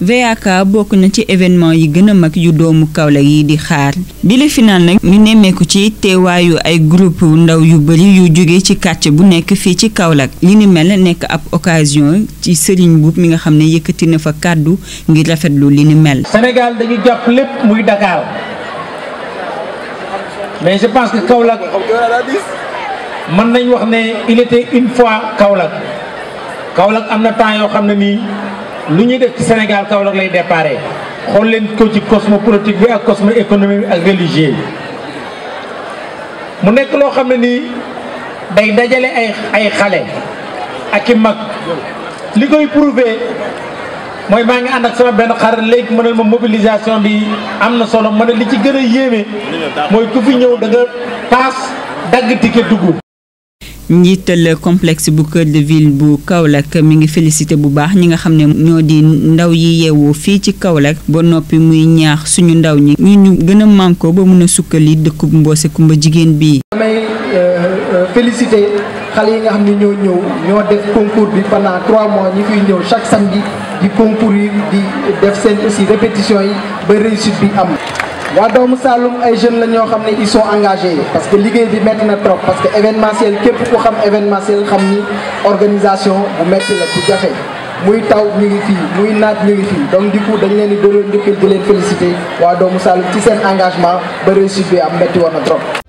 VAK bokk na ci événement yi gën a mag yu doomu Kaolack yi di xaar bi la final nag ñu nemmeeku ci teewaayu ay groupe ndaw yu bëri yu jóge ci kàcc bu nekk fii ci Kaolack li ni mel nekk ab occasion ci sëriñ Mboup mi nga xam ne yëkkati na fa kàddu ngir rafetlu li ni mel. Sénégal dañu jàpp lépp muy Dakar mais je pense mën nañ wax ne il était une fois am na temps xam ne nii. lu ñuy def ci Sénégal Kaolack lay déparé xool leen ko ci cosmo politique bi ak cosmo économique bi ak religieux mu nekk loo xam ne nii day dajale ay ay xale ak i mag li koy prouver mooy maa ngi ànd ak sama benn xar léegi mënal ma mobilisation bi am na solo ma ne li ci gën a yéeme mooy ku fi ñëw danga paas dagg ticket dugg. njiital complexe bu Cœur de Ville bu Kaolack mi ngi félicité bu baax ñi nga xam ne ñoo di ndaw yi yeewoo fii ci Kaolack ba noppi muy ñaax suñu ndaw ñi ñu ñu gën a mànkoo ba mun a sukkali dëkkub Mbossé Kumba jigéen bii. damay euh, euh, félicité xale yi nga xam ne ñoo ñëw ñoo def concours bi pendant trois mois ñu fiy ñëw chaque samedi di concours yi di def seen aussi répétition yi ba réussite bi am. waa doomu Saloum ay jeune la ñoo xam ne ils engagé engagés parce que liggéey bi métti na trop parce que événementiel képp ku xam événementiel xam ni organisation bu métti la bu jafe muy taw ñu ngi fii muy naat ñu ngi fii donc di coup dañ leen di delloo njukkal di leen féliciter waa doomu Saloum ci seen engagement ba réussite am métti woon na trop.